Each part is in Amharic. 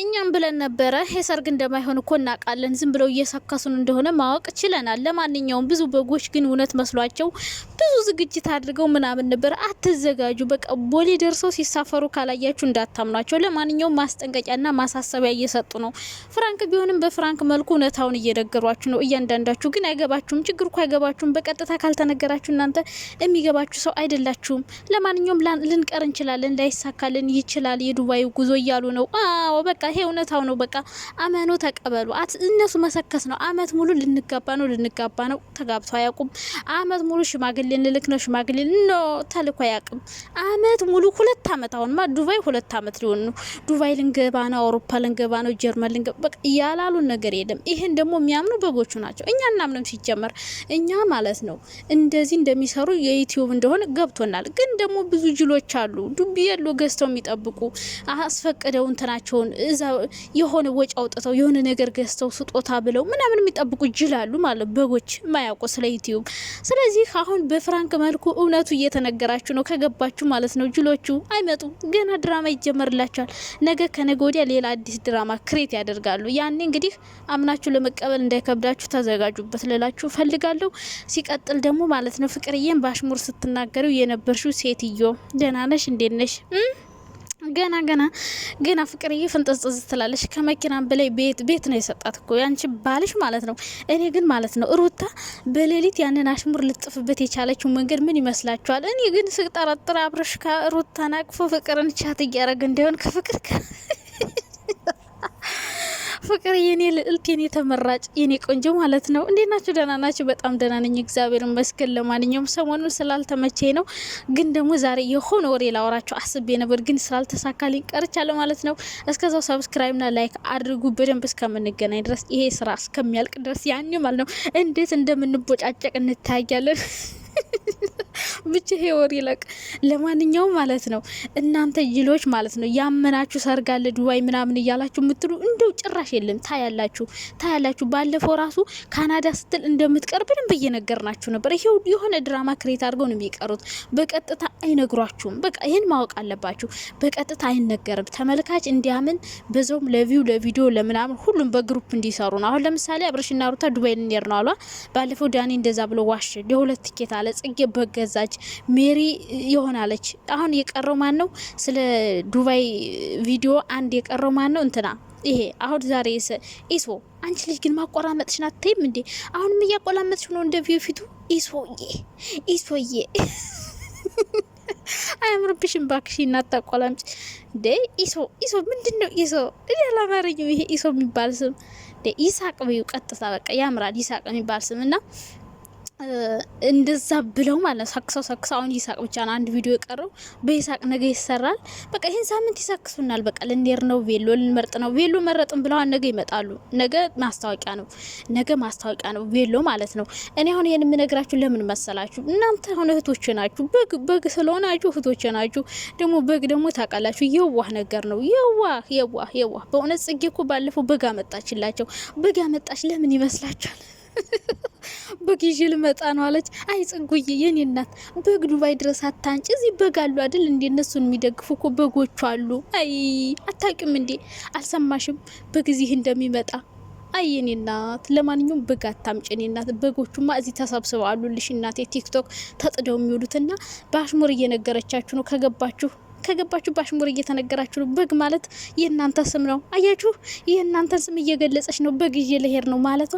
እኛም ብለን ነበረ የሰርግ እንደማይሆን እኮ እናውቃለን። ዝም ብለው እየሰከሱን እንደሆነ ማወቅ ችለናል። ለማንኛውም ብዙ በጎች ግን እውነት መስሏቸው ብዙ ዝግጅት አድርገው ምናምን ነበር አትዘጋጁ፣ በቃ ቦሌ ደርሰው ሲሳፈሩ ካላያችሁ እንዳታምኗቸው። ለማንኛውም ማስጠንቀቂያና ማሳሰቢያ እየሰጡ ነው። ፍራንክ ቢሆንም በፍራንክ መልኩ እውነታውን እየነገሯችሁ ነው። እያንዳንዳችሁ ግን አይገባችሁም። ችግር እኮ አይገባችሁም። በቀጥታ ካልተነገራችሁ እናንተ የሚገባችሁ ሰው አይደላችሁም። ለማንኛውም ልንቀር እንችላለን፣ ላይሳካልን ይችላል የዱባይ ጉዞ እያሉ ነው። አዎ በቃ ይሄ እውነታው ነው። በቃ አመኑ ተቀበሉ። እነሱ መሰከስ ነው። አመት ሙሉ ልንጋባ ነው ልንጋባ ነው ተጋብቶ አያውቁም። አመት ሙሉ ሽማግሌ ልልክ ነው ሽማግሌ ኖ ተልኮ አያውቅም። አመት ሙሉ ሁለት አመት አሁንማ ዱባይ ሁለት አመት ሊሆን ነው። ዱባይ ልንገባ ነው፣ አውሮፓ ልንገባ ነው፣ ጀርመን ልንገባ በቃ ያላሉን ነገር የለም። ይህን ደግሞ የሚያምኑ በጎቹ ናቸው። እኛ እናምንም ሲጀመር እኛ ማለት ነው እንደዚህ እንደሚሰሩ የዩቲዩብ እንደሆነ ገብቶናል። ግን ደግሞ ብዙ ጅሎች አሉ ዱብ የሎ ገዝተው የሚጠብቁ አስፈቅደው እንትናቸውን እንደዛ የሆነ ወጪ አውጥተው የሆነ ነገር ገዝተው ስጦታ ብለው ምናምን የሚጠብቁ ይችላሉ ማለት በጎች ማያውቁ ስለ ዩቲዩብ። ስለዚህ አሁን በፍራንክ መልኩ እውነቱ እየተነገራችሁ ነው ከገባችሁ ማለት ነው። ጅሎቹ አይመጡም ገና ድራማ ይጀመርላቸዋል። ነገ ከነገ ወዲያ ሌላ አዲስ ድራማ ክሬት ያደርጋሉ። ያኔ እንግዲህ አምናችሁ ለመቀበል እንዳይከብዳችሁ ተዘጋጁበት ልላችሁ ፈልጋለሁ። ሲቀጥል ደግሞ ማለት ነው ፍቅርዬን በአሽሙር ስትናገረው የነበርሽው ሴትዮ ደህና ነሽ? እንዴት ነሽ? ገና ገና ገና ፍቅርዬ ፍንጥዝጥዝ ትላለች። ከመኪና በላይ ቤት ቤት ነው የሰጣት እኮ ያንቺ ባልሽ ማለት ነው። እኔ ግን ማለት ነው ሩታ በሌሊት ያንን አሽሙር ልጥፍበት የቻለችው መንገድ ምን ይመስላችኋል? እኔ ግን ስጠረጥር አብረሽ ከሩታን አቅፎ ፍቅርን ቻት እያደረገ እንዲሆን ከፍቅር ፍቅር የኔ ልዕልት የኔ ተመራጭ የኔ ቆንጆ ማለት ነው። እንዴት ናችሁ? ደህና ናችሁ? በጣም ደህና ነኝ፣ እግዚአብሔር ይመስገን። ለማንኛውም ሰሞኑን ስላልተመቼ ነው፣ ግን ደግሞ ዛሬ የሆነ ወሬ ላወራችሁ አስቤ ነበር፣ ግን ስላልተሳካልኝ ቀርቻለሁ ማለት ነው። እስከዛው ሰብስክራይብና ላይክ አድርጉ በደንብ እስከምንገናኝ ድረስ ይሄ ስራ እስከሚያልቅ ድረስ ያኔ ማለት ነው እንዴት እንደምንቦጫጨቅ እንታያለን። ብቻ ይሄ ይለቅ። ለማንኛውም ማለት ነው እናንተ ይሎች ማለት ነው ያመናችሁ ሰርግ አለ ዱባይ ምናምን እያላችሁ የምትሉ እንደው ጭራሽ የለም። ታያላችሁ ታያላችሁ። ባለፈው ራሱ ካናዳ ስትል እንደምትቀር በደንብ እየነገርናችሁ ነበር። ይሄ የሆነ ድራማ ክሬት አድርገው ነው የሚቀሩት። በቀጥታ አይነግሯችሁም። በቃ ይህን ማወቅ አለባችሁ። በቀጥታ አይነገርም። ተመልካች እንዲያምን በዞም ለቪው ለቪዲዮ ለምናምን ሁሉም በግሩፕ እንዲሰሩ ነው። አሁን ለምሳሌ አብረሽና ሩታ ዱባይ ልንሄድ ነው አሏ። ባለፈው ዳኒ እንደዛ ብሎ ዋሽ የሁለት ቲኬት አለ ጽጌ በገ ገዛች። ሜሪ ይሆናለች። አሁን የቀረው ማን ነው? ስለ ዱባይ ቪዲዮ አንድ የቀረው ማን ነው? እንትና ይሄ አሁን ዛሬ ኢሶ። አንቺ ልጅ ግን ማቆራመጥሽ ናትይም እንዴ? አሁንም እያቆላመጥሽ ነው እንደ ፊቱ። ኢሶዬ ኢሶዬ አያምርብሽም ባክሽ፣ እናታቆላምጭ እንዴ ኢሶ ኢሶ ምንድን ነው ኢሶ? አላማረኝም ይሄ ኢሶ የሚባል ስም። ኢሳቅ ብዩ ቀጥታ በቃ ያምራል። ይሳቅ የሚባል ስም እና እንደዛ ብለው ማለት ነው ሳክሰው ሳክሰው አሁን ይሳቅ ብቻ ነው አንድ ቪዲዮ የቀረው። በይሳቅ ነገ ይሰራል። በቃ ይህን ሳምንት ይሳክሱናል። በቃ ልንዴር ነው ቬሎ ልንመርጥ ነው ቬሎ መረጥን ብለዋል። ነገ ይመጣሉ። ነገ ማስታወቂያ ነው። ነገ ማስታወቂያ ነው ቬሎ ማለት ነው። እኔ አሁን ይህን የምነግራችሁ ለምን መሰላችሁ? እናንተ አሁን እህቶች ናችሁ። በግ በግ ስለሆናችሁ እህቶች ናችሁ። ደግሞ በግ ደግሞ ታውቃላችሁ፣ የዋህ ነገር ነው። የዋህ የዋህ የዋህ በእውነት ጽጌ እኮ ባለፈው በግ አመጣችላቸው። በግ አመጣች ለምን ይመስላችኋል? በግ ይዤ ልመጣ ነው አለች። አይ ጽጉዬ የኔ እናት በግ ዱባይ ድረስ አታንጭ። እዚህ በግ አሉ አይደል እንዴ? እነሱን የሚደግፉ እኮ በጎቹ አሉ። አይ አታውቂም እንዴ? አልሰማሽም? በግ እዚህ እንደሚመጣ አይ የኔ እናት፣ ለማንኛውም በግ አታምጪ የኔ እናት። በጎቹማ እዚህ ተሰብስበው አሉልሽ እናቴ። ቲክቶክ ተጥደው የሚውሉትና በአሽሙር እየነገረቻችሁ ነው ከገባችሁ ከገባችሁ ባሽሙር እየተነገራችሁ ነው። በግ ማለት የእናንተ ስም ነው። አያችሁ፣ የእናንተን ስም እየገለጸች ነው። በግ ይዤ ልሄድ ነው ማለቷ።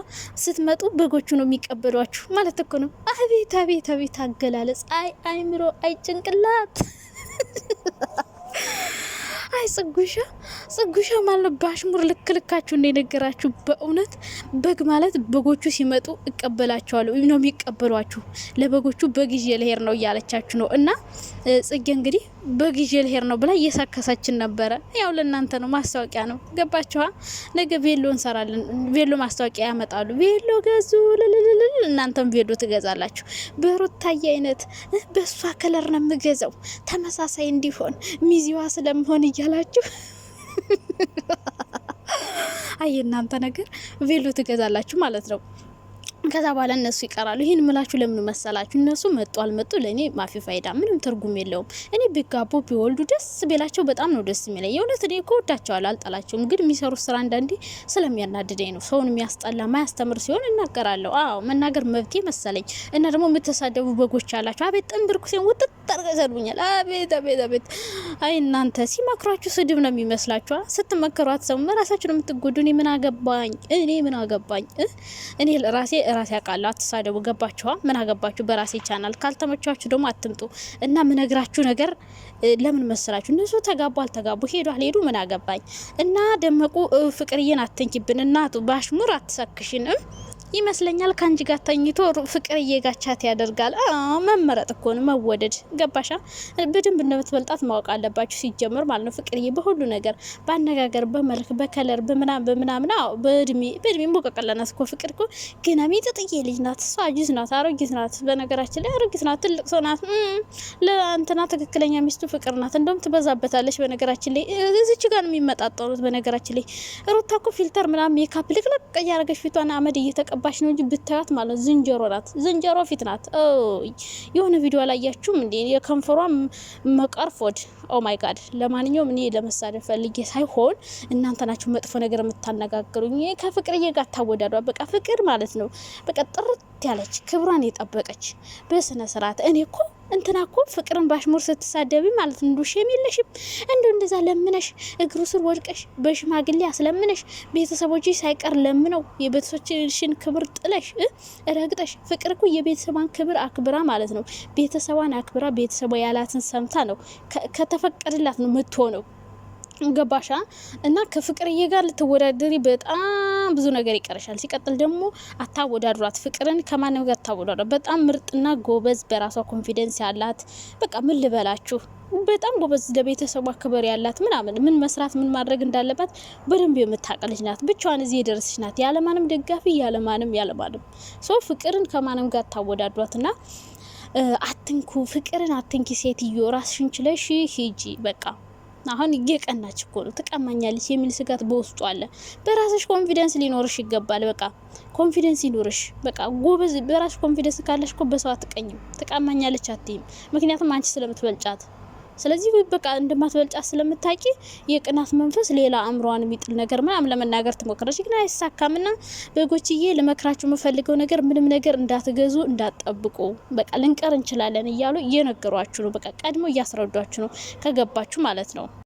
ስትመጡ በጎቹ ነው የሚቀበሏችሁ ማለት እኮ ነው። አቤት አቤት አቤት አገላለጽ! አይ አይምሮ፣ አይ ጭንቅላት አይ ጽጉሻ ጽጉሻ ማለት በአሽሙር ልክ ልካችሁ እንደነገራችሁ በእውነት በግ ማለት በጎቹ ሲመጡ እቀበላቸዋለሁ ወይም ነው የሚቀበሏችሁ ለበጎቹ በግ ይዤ ልሄድ ነው እያለቻችሁ ነው። እና ጽጌ እንግዲህ በግ ይዤ ልሄድ ነው ብላ እየሳከሰችን ነበረ። ያው ለእናንተ ነው ማስታወቂያ ነው ገባችኋ። ነገ ቬሎ እንሰራለን። ቬሎ ማስታወቂያ ያመጣሉ። ቬሎ ገዙ ልልል እናንተም ቪዲዮ ትገዛላችሁ። በሩታዬ አይነት በእሷ ከለር ነው የምገዛው ተመሳሳይ እንዲሆን ሚዜዋ ስለምሆን እያላችሁ አይ እናንተ ነገር ቬሎ ትገዛላችሁ ማለት ነው። ከዛ በኋላ እነሱ ይቀራሉ። ይህን ምላችሁ ለምን መሰላችሁ? እነሱ መጡ አልመጡ ለእኔ ማፊ ፋይዳ ምንም ትርጉም የለውም። እኔ ቢጋቡ ቢወልዱ ደስ ቢላቸው በጣም ነው ደስ የሚለኝ። የእውነት እኔ ከወዳቸዋል አልጠላቸውም። ግን የሚሰሩ ስራ አንዳንዴ ስለሚያናድደኝ ነው። ሰውን የሚያስጠላ ማያስተምር ሲሆን እናገራለሁ። አዎ መናገር መብቴ መሰለኝ። እና ደግሞ የምትሳደቡ በጎች አላቸው። አቤት ጥንብር ኩሴን ውጥጥ አድርገው ይሰድቡኛል። አቤት አቤት አቤት። አይ እናንተ ሲመክሯችሁ ስድብ ነው የሚመስላችኋ። ስትመከሯት ሰው ራሳችሁ ነው የምትጎዱ። እኔ ምን አገባኝ እኔ ምን አገባኝ እኔ ራሴ ራሴ ያውቃለሁ። አትሳደቡ። ገባችኋ? ምን አገባችሁ? በራሴ ቻናል ካልተመቻችሁ ደግሞ አትምጡ። እና ምነግራችሁ ነገር ለምን መሰላችሁ? እነሱ ተጋቡ አልተጋቡ ሄዱ አልሄዱ ምን አገባኝ። እና ደመቁ ፍቅርዬን አትንኪብን። እናቱ ባሽሙር አትሰክሽንም ይመስለኛል ከአንቺ ጋር ተኝቶ ፍቅር እየጋቻት ያደርጋል። መመረጥ እኮ ነው መወደድ። ገባሻ? በደንብ እንደምትበልጣት ማወቅ አለባችሁ ሲጀመር ማለት ነው። ፍቅርዬ በሁሉ ነገር፣ በአነጋገር፣ በመልክ፣ በከለር፣ በምናም በምናምን በእድሜ በእድሜ ሞቀቀለናት እኮ ፍቅር እኮ ገና ሚጥጥዬ ልጅ ናት። እሷ አጅዝ ናት፣ አሮጊት ናት። በነገራችን ላይ አሮጊት ናት፣ ትልቅ ሰው ናት። ለአንተና ትክክለኛ ሚስቱ ፍቅር ናት። እንደውም ትበዛበታለች። በነገራችን ላይ እዚች ጋር ነው የሚመጣጠኑት። በነገራችን ላይ ሩታ እኮ ፊልተር ምናም ሜካፕ ልቅለቅ እያረገች ፊቷን አመድ እየተቀ እያስቀባች ነው እንጂ ብታያት ማለት ዝንጀሮ ናት። ዝንጀሮ ፊት ናት። የሆነ ቪዲዮ አላያችሁም እንዴ? የከንፈሯ መቀርፎድ ኦ ማይ ጋድ። ለማንኛውም እኔ ለመሳደብ ፈልጌ ሳይሆን እናንተ ናችሁ መጥፎ ነገር የምታነጋግሩኝ። ይሄ ከፍቅርዬ ጋር ታወዳዷ። በቃ ፍቅር ማለት ነው በቃ ጥርት ያለች ክብሯን የጠበቀች በስነ ስርዓት። እኔ እኮ እንትና እኮ ፍቅርን ባሽሙር ስትሳደቢ ማለት እንዱ ሼም የለሽም። እንዱ እንደዛ ለምነሽ እግሩ ስር ወድቀሽ በሽማግሌ አስለምነሽ ቤተሰቦች ሳይቀር ለምነው የቤተሰቦችሽን ክብር ጥለሽ ረግጠሽ። ፍቅር እኮ የቤተሰቧን ክብር አክብራ ማለት ነው ቤተሰቧን አክብራ ቤተሰቧ ያላትን ሰምታ ነው ከተ ስለተፈቀደላት ነው የምትሆነው። ገባሻ? እና ከፍቅርዬ ጋር ልትወዳደሪ በጣም ብዙ ነገር ይቀርሻል። ሲቀጥል ደግሞ አታወዳድሯት። ፍቅርን ከማንም ጋር አታወዳድሯት። በጣም ምርጥና ጎበዝ፣ በራሷ ኮንፊደንስ ያላት በቃ ምን ልበላችሁ በጣም ጎበዝ ለቤተሰቡ ክብር ያላት ምናምን ምን መስራት ምን ማድረግ እንዳለባት በደንብ የምታውቅ ልጅ ናት። ብቻዋን እዚህ የደረሰች ናት። ያለማንም ደጋፊ ያለማንም ያለማንም ሶ ፍቅርን ከማንም ጋር ና አትንኩ፣ ፍቅርን አትንኪ ሴትዮ፣ ራስሽን ችለሽ ሂጂ በቃ አሁን እየቀናች እኮ ነው ትቀማኛለች የሚል ስጋት በውስጡ አለ። በራስሽ ኮንፊደንስ ሊኖርሽ ይገባል። በቃ ኮንፊደንስ ይኖርሽ። በቃ ጎበዝ፣ በራስሽ ኮንፊደንስ ካለሽ እኮ በሰው አትቀኝም። ትቀማኛለች አትይም፣ ምክንያቱም አንቺ ስለምትበልጫት ስለዚህ በቃ እንደማትበልጫ ስለምታቂ የቅናት መንፈስ ሌላ አእምሯን የሚጥል ነገር ምናምን ለመናገር ትሞክረች፣ ግን አይሳካም። ና በጎችዬ ልመክራችሁ የምፈልገው ነገር ምንም ነገር እንዳትገዙ እንዳትጠብቁ፣ በቃ ልንቀር እንችላለን እያሉ እየነገሯችሁ ነው። በቃ ቀድሞ እያስረዷችሁ ነው ከገባችሁ ማለት ነው።